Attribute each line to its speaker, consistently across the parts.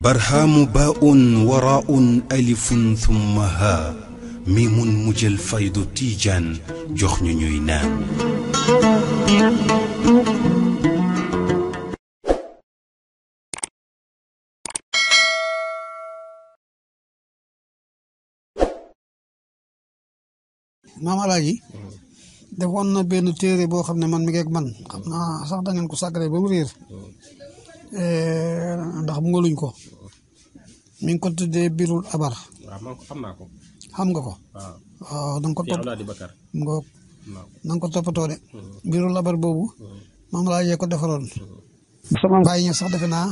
Speaker 1: barhaamu baa'un waraa'un alifun thumma haa mi mun mujjal faydu tiijaan jox ñu ñuy naan. maam Alaaji defoon na benn téere boo xam ne man mi ngeeg man
Speaker 2: xam naa sax da ngeen ko sàkkale ba mu réer Eh, ndax mu nga ko mi ngi ko tuddee birul abar. xam naa ko. xam nga ko. waaw oh, da nga ko topp mu ko toppatoo de. Hmm. birul abar boobu. Hmm. moom laa yee ko defaroon.
Speaker 1: Hmm.
Speaker 2: sama bàyyi ñu sax defe naa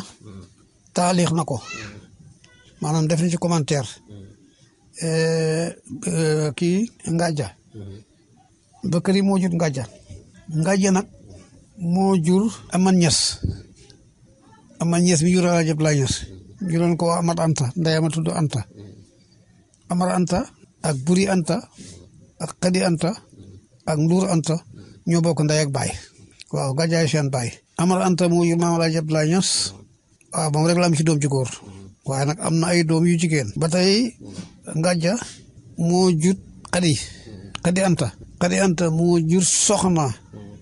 Speaker 2: taalix na ko maanaam def na ci commentaire eh, eh, kii Ngaja Bakari moo jur Ngaja Ngaja nag moo jur Aman Ñas ama ñees mi jur Alaaji Abdoulaye Amar Anta ndeyam a tudd Anta Amar Anta ak Buri Anta ñoo bokk ndey ak baay waaw gàjjaay seen baay Amar Anta rek la am ci doom ci góor waaye nag am na ay doom yu jigéen ba tey ngàjja moo jur Xadi Xadi Anta Xadi Anta moo jur soxna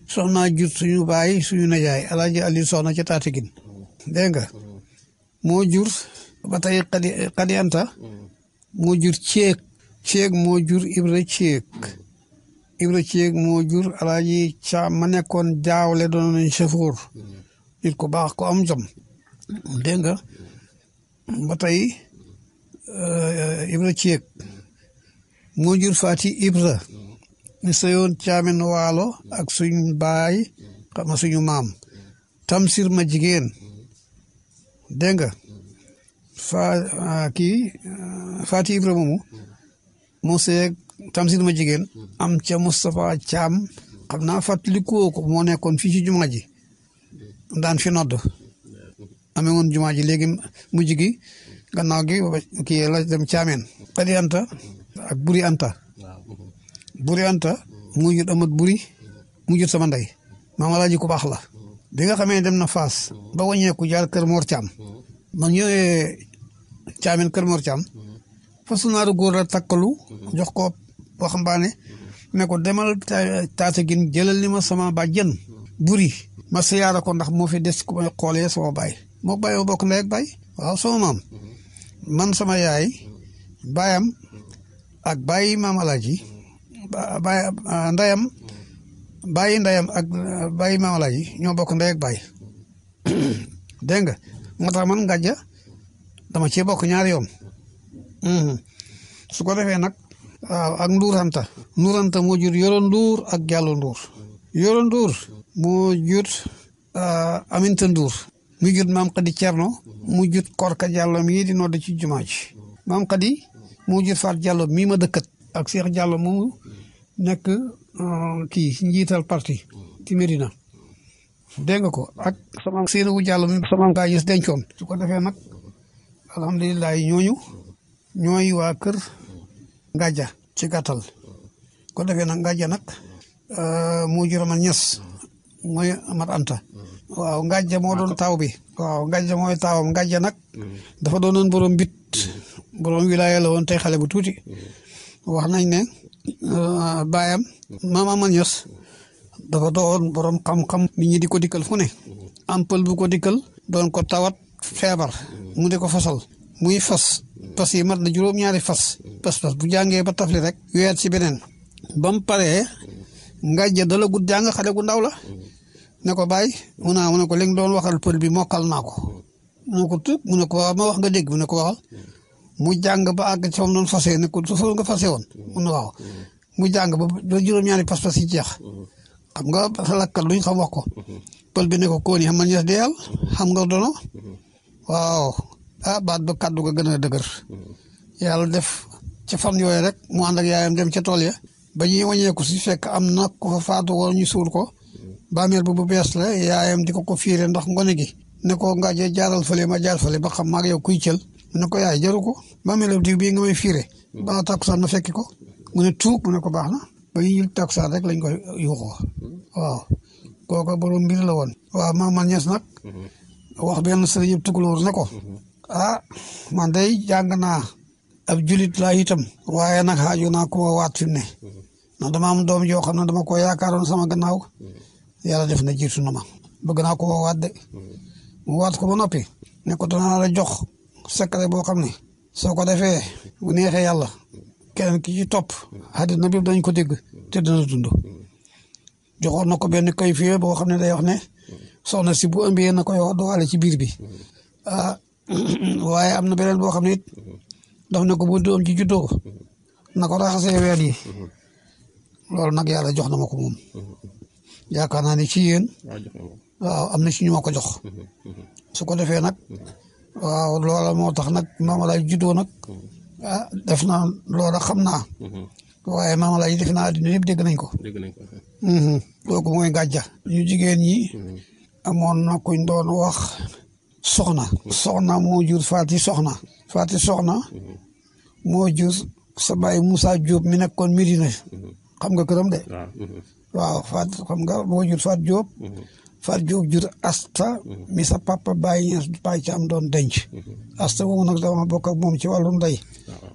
Speaker 2: soxna jur suñu baay suñu najaay Alaaji Ali soxna ca Taatiguine dégg nga moo jur ba tey anta moo jur ceeg ceeg moo jur ibra ceeg ibra ceeg moo jur alaaji caam ma nekkoon jaawle doon nañ chauffeur nit ku baax ko am jom dégg nga ba tey euh, ibra ceeg moo jur faati ibra mi sëyoon caamen waalo ak suñu baay xam suñu maam tamsir ma jigéen dégg nga fa ah, kii Faati Ibra moomu moo seeg Tamsir ma jigéen am ca Moustapha Thiam xam naa fàttali koo ko moo nekkoon fii ci jumaa ji daan fi nodd amee woon jumaa ji léegi mujj gi gannaaw gi kii la dem caameen xadi anta ak buri anta buri anta mujjut amat buri mujjut sama ndey maama laaji ku baax la bi nga xamee dem na Faas ba wàññeeku jaar Kër Mor Thiam man ñëwee Thiamène Kër Mor Thiam fasu naaru góor la takkalu jox ko waxambaane ne ko demal Tattaguine jëlal ni ma sama bàjjen buri ma siyaara ko ndax moo fi des ku may sama baay moo bàyyi bokk ndey ak baay waaw sama maam man sama yaay bayam ak bàyyi maam alaaji baay bàyyi ndeyam ak euh, bàyyi maam ñoo bokk ndey ak bàyyi dégg nga moo tax man ngàjja dama cee bokk ñaari yoon mm-hmm. su ko defee nag waaw ak nduuranta nduuranta moo jur yoro nduur ak jàllo nduur yoro nduur moo jur euh, aminta nduur mu jur maam xadi cerno mu jur korka jàllo mii di nodd ci jumaa ji maam xadi moo jur faat jàllo mii ma dëkkat ak seex jàllo mu nekk Euh, kii njiital parti ci Medina dégg nga ko ak sama Seydou Diallo mi sama gaa dencoon su ko defee nag alhamdulilah ñooñu ñooy waa kër Ngaja ci gàttal ko defee nag Ngaja nag mu juróomal ñes mooy Amat Anta waaw Ngaja moo doon taaw bi waaw mooy taawam Ngaja nag dafa doonoon borom mbit borom wilaya la woon te xale bu tuuti wax nañ ne Euh, baayam maam Ama Ñas dafa doon borom xam-xam nit ñi di ko dikkal fu ne am pël bu ko dikkal doon ko tawat feebar mu di ko fasal muy fas fas yi mat na juróom-ñaari fas pas-pas bu jàngee ba li rek weer ci beneen ba mu paree ngàjja dala gudd jàng xale gu ndaw la ne ko bàyyi mu naa mu ne ko li nga doon waxal pël bi mokkal naa ko mu ne ko tut mu ne ko waaw ma wax nga dégg mu ne ko waxal mu jàng ba àgg ci fa mu doon fase ne ko su fa nga fase woon mm. mun na waaw mm. mu jàng ba ba juróom ni pas-pas yi jeex mm. xam nga lakkal luñ xam wax ko mm-hmm. pël bi ne man ñes deyal xam nga mm-hmm.
Speaker 1: mm-hmm.
Speaker 2: ah, baat ba kàddu gën a dëgër yàlla def ca fan yooyu rek mu ànd ak yaayam dem ca tool ya ba ñuy wàññeeku si fekk am na ko fa faatu woon ñu suul ko bàmmeel bu bu bees la yaayam di ko ko fiire ndax ngone gi ne ko nga jaaral fële ma jaar fële ba xam maag yow kuy cël mu ko yaay jaru ko bàmmeelu diw bii nga may fiire balaa takkusaan ma fekki ko mu ne tuub ko baax na ba ñu yil takkusaan rek lañ koy yuuxoo waaw kooka borom la woon waaw Maama Ñas wax benn sëriñ yëpp ne ko ah man day jàng naa ab julit waaye nag xaaju naa ko waat fi mu ne ndax dama am doom joo xam ne dama ko yaakaaroon sama gannaaw yàlla def na jiitu ma bëgg naa ko waat de mu waat ko ba noppi ne ko danaa la jox secret boo xam ne soo ko defee bu neexee yàlla keneen ki ci topp àddina bi dañ ko dégg te dana dund joxoon na ko benn kay fii boo xam ne day wax ne soxna si bu ëmbee na ko wax doxale ci biir bi ah, waaye am na beneen boo xam ne daf na ko bu doom ji juddoo na ko raxasee ween yi loolu nag yàlla jox na ma ko moom yaakaar naa ne ci yéen
Speaker 1: waaw am na ci ñu ma ko jox mm-hmm. Mm-hmm.
Speaker 2: su ko defee nag mm-hmm. waaw loola moo tax nag Maamalaay juddoo nag
Speaker 1: mm-hmm. ah def
Speaker 2: na loola xam naa. Mm-hmm. waaye Maamalaay def naa àddina yëpp dégg nañ ko. dégg nañ ko. Mm-hmm. kooku mooy ñu jigéen ñi. amoon na kuñ doon wax. soxna. soxna moo jur Faati soxna. Faati soxna. moo jur sa baay Moussa Diop mi nekkoon Medina. xam nga këram de. waaw Faati xam nga moo jur Faati Diop. far jóob jur asta mhm. mi sa papa bàyyi ñes bàyyi ci am doon denc mhm. asta moomu nag dama bokk moom ci wàllu ndey ah.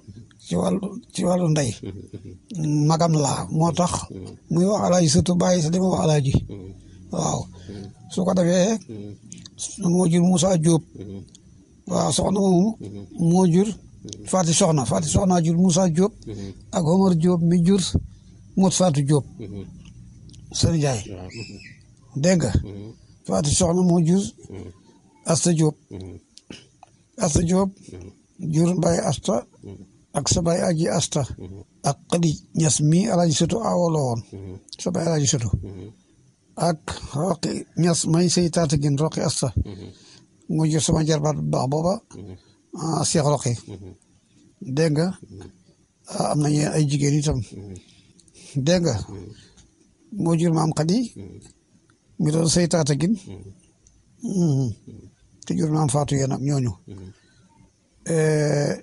Speaker 2: ci wàllu wàllu ndey mhm. magam laa moo tax muy wax alaaji surtout bàyyi sa di ma waaw su ko defee moo jur musaa Diop
Speaker 1: waaw soxna moomu
Speaker 2: moo jur Fatou Soxna Fatou Soxna jur Moussa Diop ak Omar Diop mi jur Mot Fatou Diop sëñ Ndiaye dégg nga. Mm-hmm. Fatou Soxna moo jur. Mm-hmm. Asta Diop.
Speaker 1: Mm-hmm. Asta Diop. jur
Speaker 2: Mbaye Asta. ak sa aji Asta. ak xadi ñas mi alaaji soto awolo woon. sa baay soto. ak roqi ñas may say taata gin roqi Asta. mu jur sama jarbaat baax booba. ah Cheikh Roqi. dégg nga ah, am nañu ay jigéen itam. dégg nga moo jur xadi. ngi doon saytaata gin mm-hmm. Mm-hmm. te jur maam faatu yéen ak ñooñu mm-hmm. eh,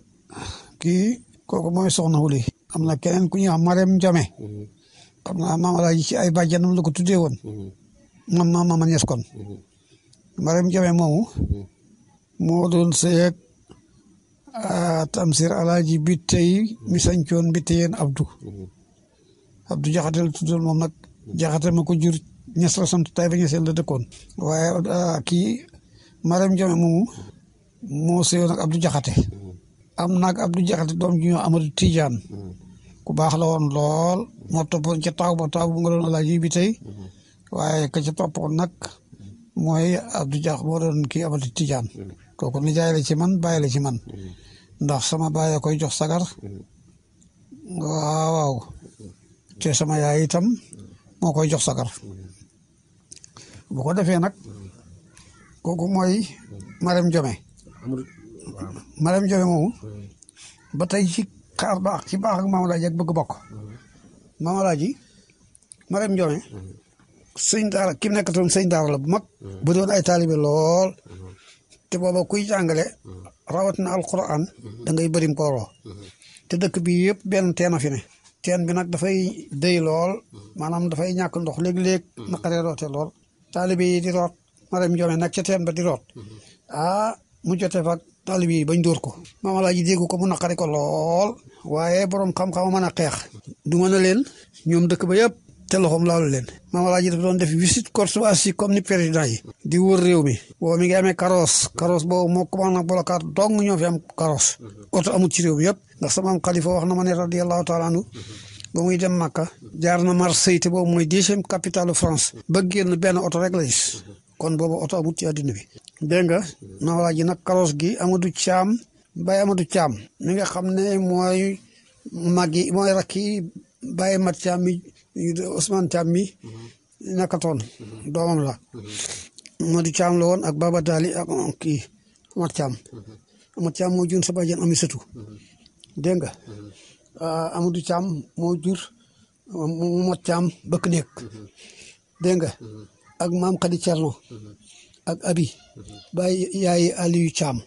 Speaker 2: kii kooku mooy soxna Wuli am na keneen ku ñu wax Marème Njame xam naa maam alaaji ci ay bàjjanam la ko tuddee woon man maam maama ñes kon Marème Njame moomu moo doon sëyeeg ah, Tamsir alaaji bi tey mi sañcoon bi teyeen Abdou Abdou Jaxate moom nag Jaxate ma ko jur ñes la sant Taïba Niassène la dëkkoon. waaye kii Mariam Diome moomu moo seyoon ak Abdou Diakhaté am naag Abdou Diakhaté doom ji ñoo Amadou Tidiane ku baax la woon lool moo toppoon ca taaw ba taaw bu nga doon alaaji bi tey waaye ka ca toppoon nag mooy Abdou Diakhaté moo doon kii Amadou Tidiane kooku nijaay la ci man bàyyi la ci man ndax sama bàyyi koy jox sagar waaw te sama yaay itam moo koy jox sagar bu ko defee nag kooku mooy Marème Diome Marème Diome moomu ba tey ci xaar baax ci baax ak Mamalaaji ak bëgg bokk Mamalaaji Marème Diome sëñ daara ki mu nekkatoon sëñ daara la bu mag bu doon ay taalibe lool te booba kuy jàngale rawat na alquran da ngay bërim kooroo te dëkk bi yëpp benn teen a fi ne teen bi nag dafay dëy lool maanaam dafay ñàkk ndox léeg-léeg naqaree roote lool taalibe yi di root Mariam Diome nag ca teen ba di root mhm. ah mu jotee fa taalibe yi bañ dóor ko maam alaaji dégg ko mu naqari ko lool waaye borom xam-xam mën a xeex du mën a leen ñoom dëkk ba yëpp te loxoom laalu leen maam alaaji dafa doon def visite courtoisie comme ni président di wër réew mi woo mi ngi amee carrosse carrosse boobu moo commande bolokaat dong ñoo fi am carrosse mhm. oto amul ci réew mi yëpp ndax sama am xalifa wax na ma ne radiallahu taala ba muy dem Makka jaar na Marseille te boobu mooy dixième capitale France ba genn ben auto rek la gis kon bobu auto amut ci adina bi. de nga na waa ji nak karoos gi Amadou cham Baye Amadou cham ni nga xamne moy magi moy yi mooy yi Baye Mat cham mi Ousmane cham mi nekkatoon doom la Amadou Thiam cham woon ak Baba Dali ak ki Mat cham Mat cham mo jun sa bàjjen Amisatu de nga Euh, Amadou Thiam moo jur Momat Thiam bëkk nekk dégg nga ak maam Khady Thierno ak Abi baay yaay Aliou caam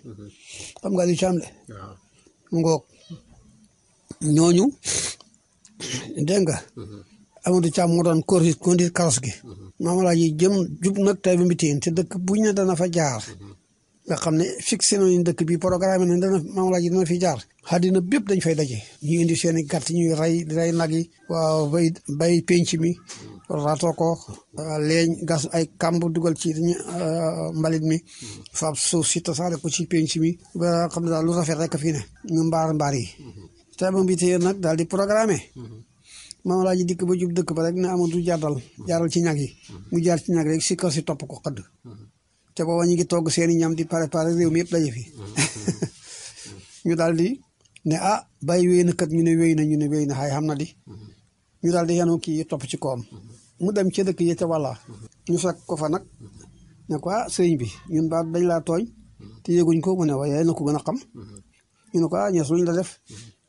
Speaker 2: xam nga Aliou Thiam le mu ngoog ñooñu dégg nga Amadou Thiam moo doon conduire conduire karos gi maam laa jëm jub nag tey bi mbitiin te dëkk buñ ne dana fa jaar nga xam ne fixé nañu dëkk bi programme nañ dana maam laaj yi dana fi jaar àddina bépp dañ fay daje ñu indi seen i gàtt ñuy rey rey nag yi waaw bay bay penc mi rato ko ah, leeñ gas ay kàmb dugal ci ñu euh, mbalit mi faab suuf si tasaare ko ci penc mi ba xam ne daal lu rafet rek fi ne mbaar mbaar yi te moom bi nag daal di programme maam laaj yi dikk ba jub dëkk ba rek ne amatu jaaral jaaral ci ñag yi mu jaar ci ñag rek si kër si topp ko xëdd te booba ñu ngi togg seeni ñam di pare pare réew mi yëpp daje fi mm-hmm. ñu daal di ne ah bàyyi wéy na kat ñu ne wéy na ñu ne wéy na xay xam na di mm-hmm. ñu daal di yenu kii topp ci koom mm-hmm. mu dem ca dëkk yi ca wàlla ñu fekk ko fa nag ne ko ah sëriñ bi ñun ba dañ laa tooñ te yëguñ ko mu ne waaye na ko gën a xam ñu ne ko ah ñees luñ la def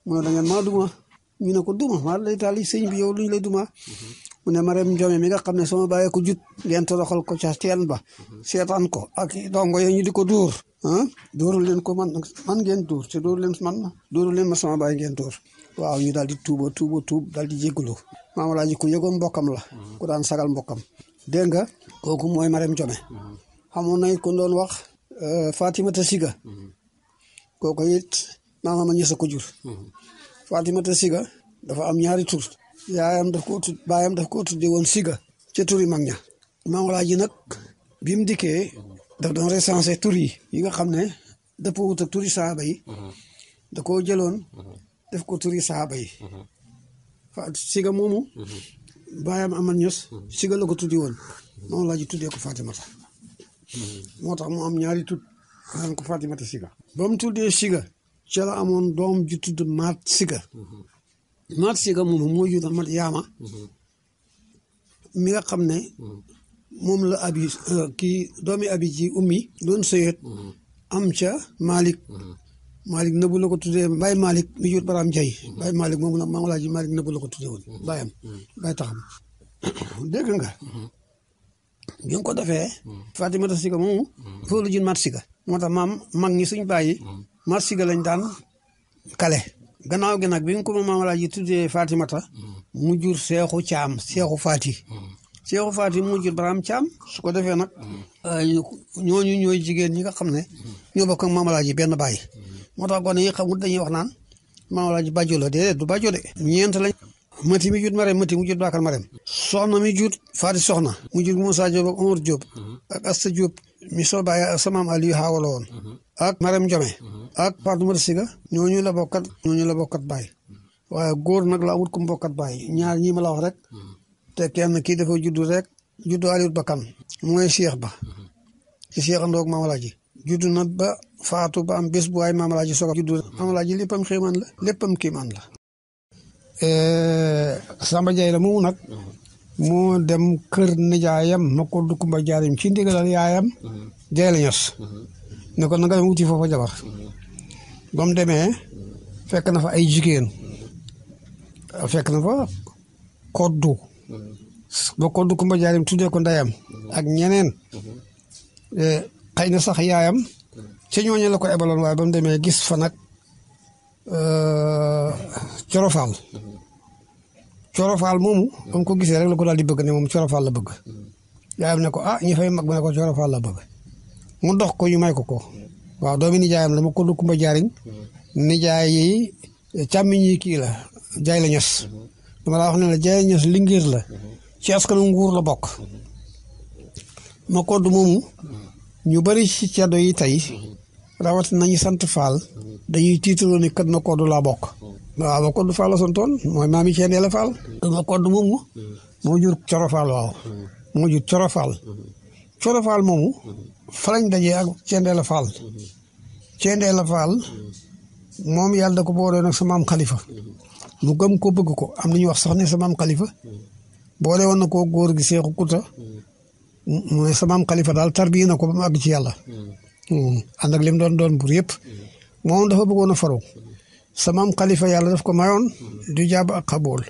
Speaker 2: mu ne da ngeen maa duma ñu ne ko duma maa lay taal sëriñ bi yow luñ lay duma mu ne Marème Ndiome mi ga xam ne sama bàyyi ko jut ngeen toroxal ko ca teen ba seetaan ko ak dongo yooyu ñu di ko dóor ah dóoru leen ko man man ngeen dóor te dóoru leen man dóoru leen ma sama bàyyi ngeen dóor waaw ñu daal di tuuba tuuba tuub daal di jégalu maama laa ku yëgoon mbokkam la ku daan sagal mbokkam dégg nga kooku mooy Marème Ndiome xamoon na it ku doon wax euh, Fatimata Siga kooku it maama ma ñës a ko jur Fatimata Siga dafa am ñaari tur yaayam daf ko tud baayam daf ko tuddee woon siga ca tur yi mag ña maam Alaaji nag bi mu dikkee daf doon recensé tur yi nga xam ne dafa wut ak turi saaba yi da koo jëloon def ko turi saaba yi siga moomu baayam aman ños siga la ko tuddi woon maam Alaaji tuddee ko Fatimata moo tax mu am ñaari tudd naan ko Fatimata siga ba mu tuddee siga ca la amoon doom ju tudd maat siga maat si ga moom moo jur mat yaama mm-hmm. mi nga xam ne mm-hmm. moom la abi euh, kii doomi abi ji ummi doon sëyeet mm-hmm. am ca Malick Malick nëbu la ko tuddee Baye Malick mi jur Baraam Jay Baye Malick moom la maam Alaaji Malick nëbu ko tuddee woon baayam baay taxam dégg nga
Speaker 1: bi nga ko defee
Speaker 2: Fatimata Siga moomu fóolu jin maat siga moo maam mag ñi suñ bàyyi maat siga lañ daan kale gannaaw gi nag bi nga ko ma maam Alaaji tuddee Fatimata mu jur seexu caam seexu Fati. seexu Fati mu jur Baraam caam su ko defee nag euh, ñooñu ñooy jigéen ñi nga xam ne ñoo bokk ak maam ji benn baay moo tax gone yi xamul dañuy wax naan maam Alaaji bàjjo la du bàjjo de ñeent lañ mati mi jut marem mati mu jut baakar marem soxna mi jut Fati mu jur mu Diop ak Omar Diop ak Asta Diop mission bàyyi samaam Aliou Awa la mhm. ak Marème Diome. Mhm. ak Fatou Madi Siga ñooñu bokkat ñooñu bokkat bàyyi mhm. waaye góor nag la amut ku mu bokkat bàyyi ñaar ñii ma rek te kenn kii dafa juddu rek juddu Aliou mu mooy Cheikh Ba ci Cheikh Andoog Mamalaaji juddu na ba faatu ba am bés bu waay Mamalaaji soog a juddu Mamalaaji léppam xéemaan la léppam kiimaan la. Eh, Samba Ndiaye la moomu nag. moo dem kër nijaayam ma ko kumba jaarim ci ndigalal yaayam jayla ños ne na nga dem wuti foofa jabar ba demee fekk na fa ay jigéen fekk na fa koddu ba koddu kumba jaarim tuddee ko ndeyam ak ñeneen e, xëy na sax yaayam ci ñooñu la ko ebaloon waaye ba demee gis fa nag e, corofaal corofaal moomu. moom ko gisee rek la ko daal di bëgg ne moom corofaal la bëgg. yaayam ne ko ah ñu fay mag ma ne ko corofaal la bëgg. mu dox ko ñu may ko ko. waaw doomi nijaayam la ma ko kumba jaariñ. nijaay yi càmmiñ yi kii la jaay la ños. dama laa wax na la jaay la ños lingéer la. ci askanu nguur la bokk. ma kodd moomu. ñu bari ci caddo yi tey. rawat nañ sant Fall dañuy tiitaloo ni kat ma koddu bokk waaw ma koddu Fall la santoon mooy maam yi ceen yàlla Fall ma koddu moomu moo jur Coro Fall waaw moo jur Cendeela Fall Cendeela Fall moom yàlla da ko boo doon ak sa maam Khalifa lu gëm ko bëgg ko am nañu wax sax ne sa maam Khalifa boole woon na koo góor gi Seexu Kuta mu ne sa maam daal tarbiya na ko ba mu àgg ci yàlla ànd ak lim doon doon buur yëpp moom dafa bëggoon a faru sama am xalifa yàlla def ko mayoon du jaab ak xabool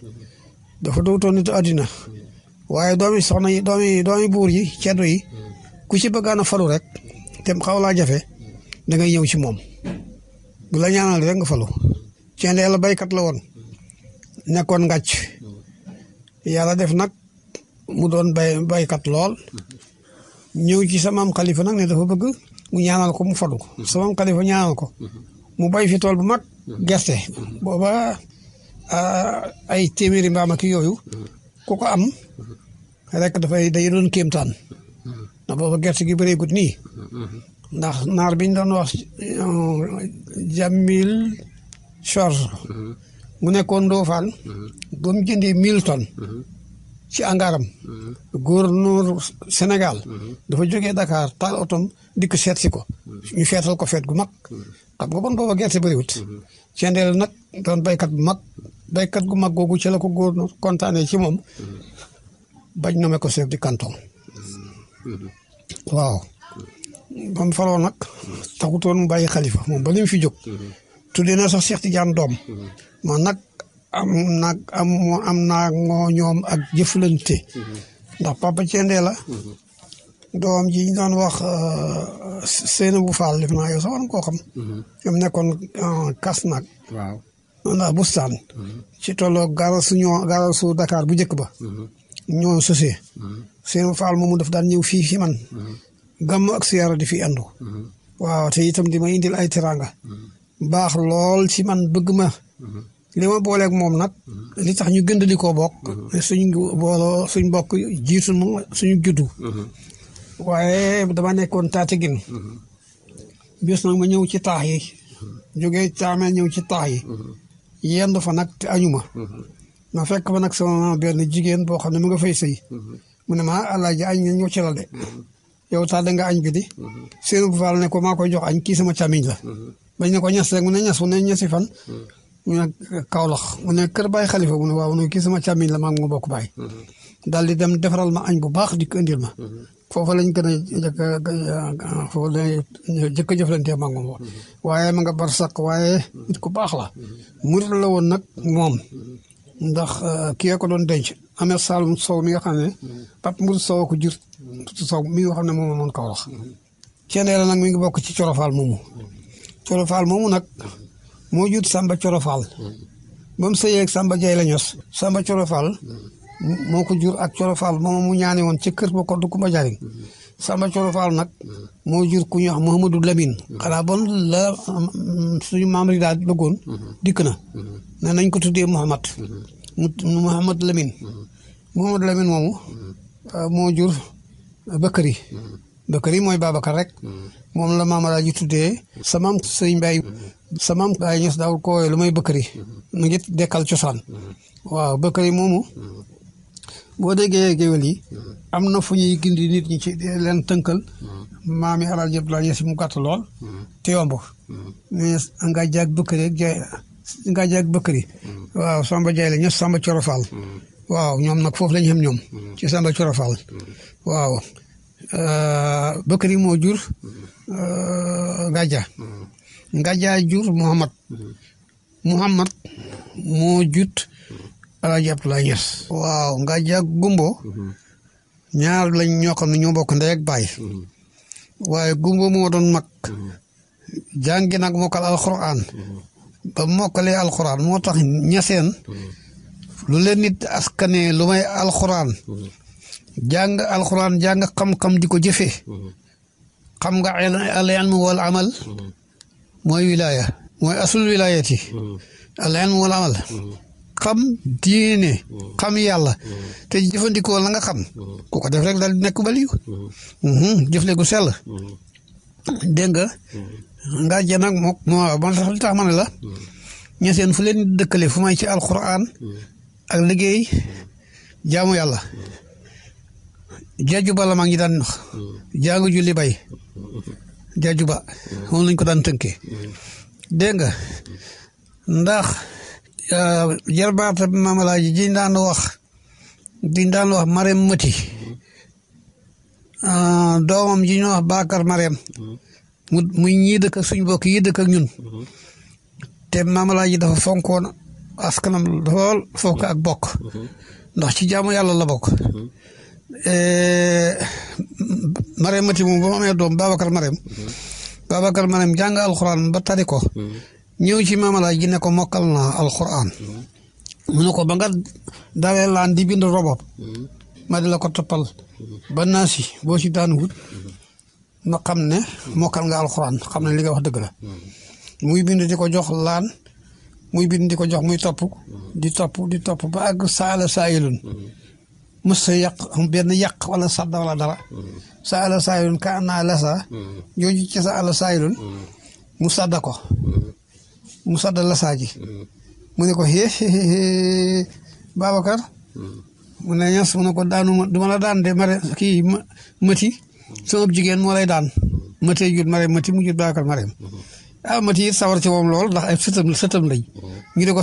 Speaker 2: dafa dootoon nitu àddina waaye doomi soxna yi doomi doomi buur yi ceddo yi ku ci bëggaan a falu rek te xaw laa jafe da ñëw ci moom bu la ñaanal rek nga falu ceen yàlla baykat la woon nekkoon ngàcc yàlla def nag mu doon bay baykat lool ñëw ci sama xalifa nag ne dafa bëgg mu ñaanal ko mu fadu ko sama xalifa ñaanal ko mu bay fi tool bu mag gerte booba ay téeméeri mbaam ak yooyu ku ko am rek dafay day doon kéemtaan ndax booba gerte gi bëreegut nii ndax naar biñ doon wax Jamil Chor mu nekkoon Ndofane ba mu jëndee mille ci angaram gouverneur senegal dafa joge dakar tal autom dik seet si ko ñu fetal ko fet gu mak xam nga bon booba gerte bëriwut cendeel nag doon baykat bu mag baykat gu mak gogu ci la ko gouverneur kontaanee ci mom bañ nommé ko chef di canton waaw bam falo nak taxutoon mu bàyyi xalifa ba lim fi jog tuddee na sax Cheikh Tidiane dom man nak am naag am am ñoom ak jëflante ndax papa Thiendé la doom ji ñu wax seen bu def naa yow sax war nga koo xam ñoom nekkoon kas naag waaw ndax bustaan ci tolloo gaara su ñoo bu njëkk ba ñoo sosee Seynabou Fall moomu daf daan ñëw fii fi man gàmm ak siyaara di fi andu waaw te itam di ma indil ay teraanga baax lool ci man bëgg li ma booleeg moom nag li tax ñu gën di ko bokk mhm. suñ booloo suñ bokk jiitu suñu juddu mhm. waaye dama nekkoon Tataguine mhm. bis nag ma ñëw ci taax yi jógee caamee ñëw ci taax yi yendu fa nag te añuma ma fekk fa nag sama benn jigéen boo xam ne mu nga fay sëy mu ne ma alaaji añ ñëw ci la de yow taal da nga añ bi di Seydou Fall ne ko maa ko jox añ kiis ma camiñ la bañ ne ko ñas rek mu ñasi fan ñu ne Kaolack mu ne kër Baye waaw kii sama càmmiñ la maa ngi ma bokk Baye. Mm-hmm. daal di dem defaral ma añ bu baax di ko ma. Mm-hmm. foofa lañ gën a jëkk a foofa lañ jëkk a jëflantee maa ngi mm-hmm. waaye ma nga bar saq waaye ku baax la. murit la woon nag moom. ndax euh, kii ko doon denc amee Saloum Sow mi nga xam ne Pape Mbour Sow ko jur Sow mi nga xam ne moom la moon Kaolack. Ceneela nag mi ngi bokk ci Corofaal moomu. Corofaal moomu nag. moo jut Samba Corofal ba mu sëyeeg Samba Jay la ños moo ko jur ak Corofal moom mu ñaane woon ci kër ba ko Kumba Jariñ Corofal nag moo jur ku ñuy wax Mouhamadou Lamine xanaa bon la suñu maam yi daal bëggoon dikk na ne nañ ko tuddee Mouhamad Mouhamad Lamine Mouhamad Lamine moomu moo jur Bakari Bakari mooy Babacar rek mm. moom la maam Alaaji tuddee sa maam sëñ Mbaye mm. sa daaw ay ños ko wooye lu may Bakari mm. mu ngi dekkal cosaan waaw Bakari moomu boo déggee géwél yi am na fu ñuy gindi nit ñi ci leen tënkal maami Alaaji Abdoulaye Ñas mu gàtt lool te yomb mais nga jaag Bakari ak jaay nga jaag Bakari waaw Samba Jaay la Samba Coro waaw ñoom nag foofu lañ xam ñoom ci Samba Coro waaw Euh, Bakari moo jur euh, Ngaja Ngaja jur Muhammad Muhammad moo jut Alaaji Abdoulaye Niass waaw Ngaja Gumbo ñaar lañ ñoo xam ne ñoo bokk ndey ak baay waaye Gumbo moo doon mag jàngi nag mokkal alxuraan ba mokkalee alxuraan moo tax ñaseen lu leen askane lu may alxuraan jàng alxuraan jàng xam-xam di ko jëfe mm-hmm. xam nga al ilm wal amal mm-hmm. mooy wilaaya mooy asul wilaayati mm-hmm. al ilm wal amal xam diine xam yàlla te jëfandikoo la nga xam ku ko def rek daal nekk baliyu jëf ne gu sell dégg nga nga janag moo ba tax li tax ma ne la ñe fu leen dëkkale fu may ci alxuraan ak liggéey jaamu yàlla jajuba la maa ngi daan wax jàngu julli bay jajuba moom lañ ko daan tënkee dégg nga ndax euh, jarbaata mamalaaji ji daan wax diñ daan wax marem mëti euh, doomam ji ñu wax Bakar marem mu muy ñii dëkk ak suñu mbokk yi dëkk ak ñun te mamalaaji dafa fonkoon askanam lool fonk ak bokk ndax ci jaamu yàlla la bokk Eh, Marème Mati moom ba mu amee doom Babacar Marème mm-hmm. Babacar Marème jàng alxuraan ba tari mm-hmm. ñëw ci maamalaay ji ne ko mokkal naa alxuraan
Speaker 1: mm-hmm.
Speaker 2: mu ne ko ba nga dalee laan di bind robot ma di la ko toppal ba si boo si daan wut ma xam ne mokal nga alxuraan xam ne li nga wax dëgg la muy bind di ko jox laan muy bind di ko jox muy topp di topp di topp ba àgg saala saayilun mës a yàq benn yàq wala sadda wala dara sa ala saayilun ka naa lasa jooju ca sa ala saayilun mu sadda ko mu sadda lasaa ji mu ne ko xée Babacar mu ne ñas mu ne ko daanuma duma la daan de mare kii mati sama jigéen moo lay daan matee jur mare mati mu jur Babacar mare ah mati it sawar ci moom lool ndax ay sëtam sëtam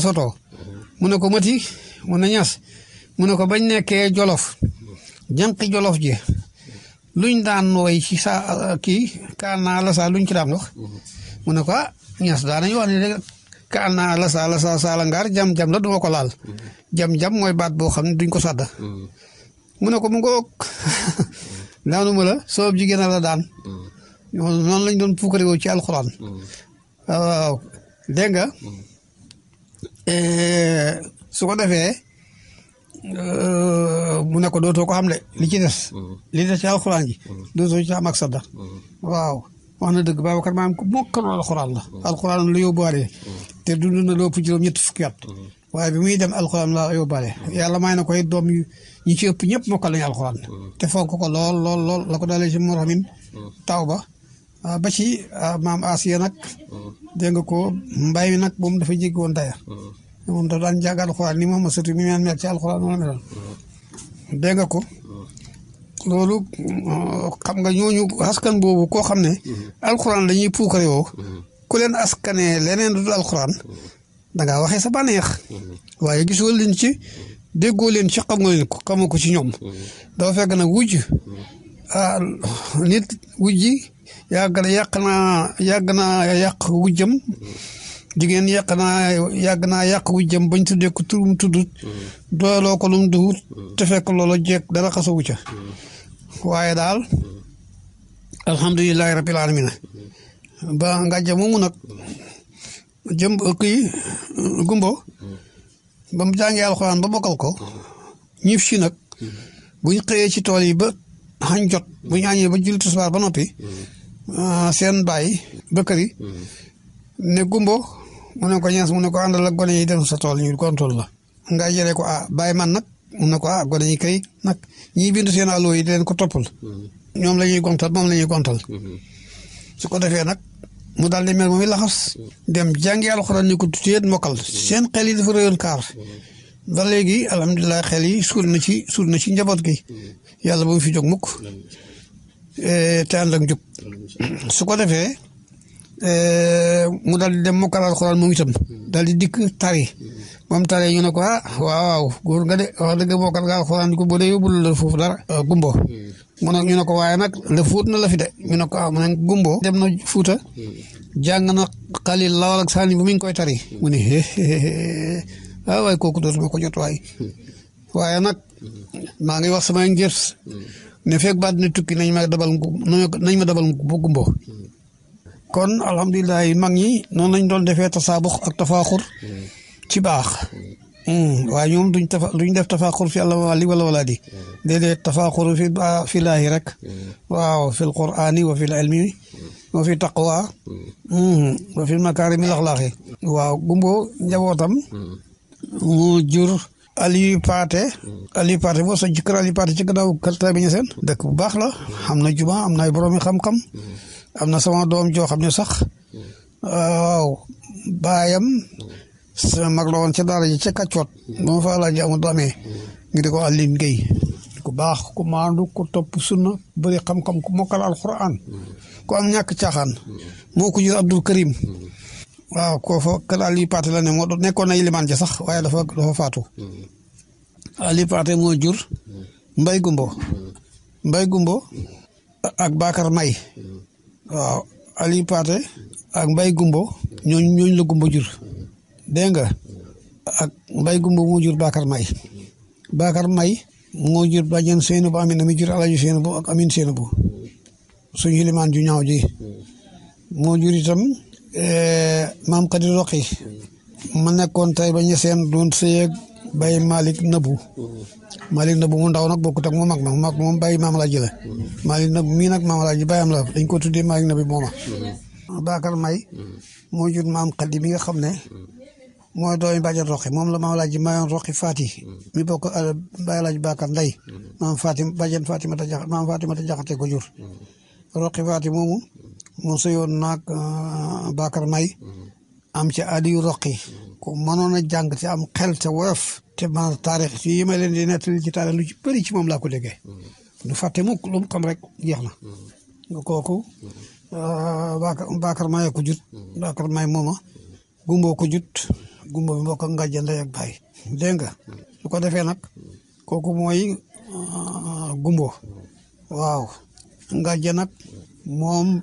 Speaker 2: sotoo mu ne ko mati mu ne ñas mu ne ko bañ nekkee jolof janq jolof ji luñ daan nooy ci sa kii kaana la saa luñ ci daan wax mu ne ko ah ñas daan nañu wax ne de kaana la saa la saa saala ngaar jam jam la duma ko laal jam jam mooy baat boo xam ne duñ ko sàdda mu ne ko mu ngoog daanuma la soob jigéen a la daan noonu lañ doon puukare woo ci alxuraan waaw eh, su ko defee Euh, mu ne ko dootoo ko xam le li ci des mm-hmm. li des ci alxuraan ji mm-hmm. dootoo ci am ak sadda
Speaker 1: mm-hmm.
Speaker 2: waaw wax na dëgg Babacar maam ko mokkaloon alxuraan la alxuraan la yóbbaale te bi muy dem alxuraan la yóbbaale yàlla may na koy doom yu ñi ci ëpp ñëpp mokkal lañu alxuraan te fonk ko lool lool lool la ko dalee ci moramin taw ba ah, ba ci ah, maam Asiya nag dégg nga ko mbay mi nag moom dafa jéggi woon moom da daan jàng alxuraan ni moom mosatu mi mel ci alxuraan wala meloon dégg nga ko loolu xam nga ñooñu askan boobu koo xam ne alxuraan la ñuy puukare woo ku leen askanee leneen du alxuraan da ngaa waxee sa bànneex waaye gisoo leen ci déggoo leen ci xam leen ko xamoo ko ci ñoom dafa fekk nag wujj ah na yàq naa yàgg jigéen yàq naa yàgg naa yàq wu jëm bañ tuddee ko turum tuddut mm-hmm. dooloo ko lum duhut mm-hmm. te fekk loola jeeg dara xasawu ca mm-hmm. waaye daal alhamdulilahi rabbil alamina ba ngàjja moomu nag jëm kii gumbo ba mu alxuraan ba bokkal ko ñif si nag buñ xëyee ci tool yi ba xañ jot bu añee ba jul tisbaar ba noppi ah, seen baay ba yi ne gumbo mu ne ko ñees mu ne ko àndal ak gone yi dem sa tool ñu kontool la nga jëlee ko ah bàyyi man nag mu ne ko ah gone yi kay nag ñiy bind seen allo yi di ko toppal. Mm-hmm. ñoom la ñuy gontal moom la ñuy gontal. Mm-hmm. su ko defee nag mu daal di mel moom laxas. Mm-hmm. dem jàngi alxuraan ni ko tuuti seen xel yi dafa réyoon kaar. ba léegi alhamdulilah xel yi suul na ci suul na ci njaboot gi. yàlla ba mu fi jóg mukk. Eh, te ànd ak njub su ko defee. Eh, mu daal di dem mu karal alxuraan ngi itam daal di dikk tari moom tari ñu ne ko ah waaw waaw góor nga de wax dëgg mokkal nga alxuraan ko boo foofu dara eh, gumbo hmm. mu ne ñu ko waaye nag la fuut na la de ñu ne ko ah, gumbo dem na fuuta hmm. jàng na xalil lawal ak saani bu mi ngi koy tari hmm. mu ne ah waaye kooku dootuma ko jot waay waaye nag maa ngi wax sama njërs ne fekk ba àddina tukki nañ ma dabal nañ ma dabal gumbo kon alhamdulilah yi mag ñi noonu lañ doon defee tasaabux ak tafaaxur ci baax waaye ñoom duñ tafa duñ def tafaaxur fi allah wali wala wala di déedéet tafaaxur fi fi laahi rek waaw fi alquran wa fi l wa fi taqwa wa fi makarimi l axlaaqi waaw gumbo njabootam mu jur Aliou Paate Aliou Paate boo sa jëkkër Aliou Paate ci gannaaw kalta bi ñu dëkk bu baax la am na juma am na ay boroomi xam-xam am na sama doom joo xam ne sax waaw baayam sama mag la woon ca daara ji ca kaccoot ba ma fa alaaji amul damee ngi di ko Alioune Guèye ku baax ku maandu ku topp sunna bëri xam-xam ku mokkal alquran ku am ñàkk caaxaan moo ko jur Abdul Karim waaw koo fa kër Aliou Paté la ne moo doon nekkoon na limaan ja sax waaye dafa dafa faatu Aliou Paté moo jur Mbay Gumbo Mbay Gumbo ak Bakar May waaw Aliou Pathé ak mbay Gumbo ñooñu ñooñu la Gumbo jur dégg nga ak mbay Gumbo moo jur Bakar May Bakar May moo jur bàjjen Seynabou Amina mi jur Alaaji Seynabou ak Amin Seynabou suñu limaan ju ñaaw ji moo jur itam eh, maam Kadi Roqi ma nekkoon tey ba ñeseen doon sëyeeg Baye Malick Nabou Malick nag bu mu ndaw nag bokkut ak mu mag ma mu mag moom bàyyi maam laa jële Malick nag mii nag maam laa ji bàyyam la dañ ko tuddee Malick na bi mooma Bakar May moo jur maam Xadi mi nga xam ne mooy doomi bàjjan roqi moom la maam laa ji mayoon roqi Faati mi bokk bàyyi laa ji Bakar nday maam Faati bàjjan Faatimata Jaxate maam Faatimata Jaxate ko jur roqi Faati moomu moo sëyoon naag euh, Bakar May am ci adiyu roqi ku mënoon a jàng te am xel te woyof te man taarix ci yi ma leen di nettali ci taarix lu ci bëri ci moom laa ko déggee du fàtte mukk lu mu xam rek jeex na nga kooku euh, baakar baakar maaya ko jut baakar may mooma gumboo ko jut gumbo bi mbokk ak ngàjja ndey ak bàyyi su ko defee nag kooku mooy euh, gumbo waaw ngàjja nag moom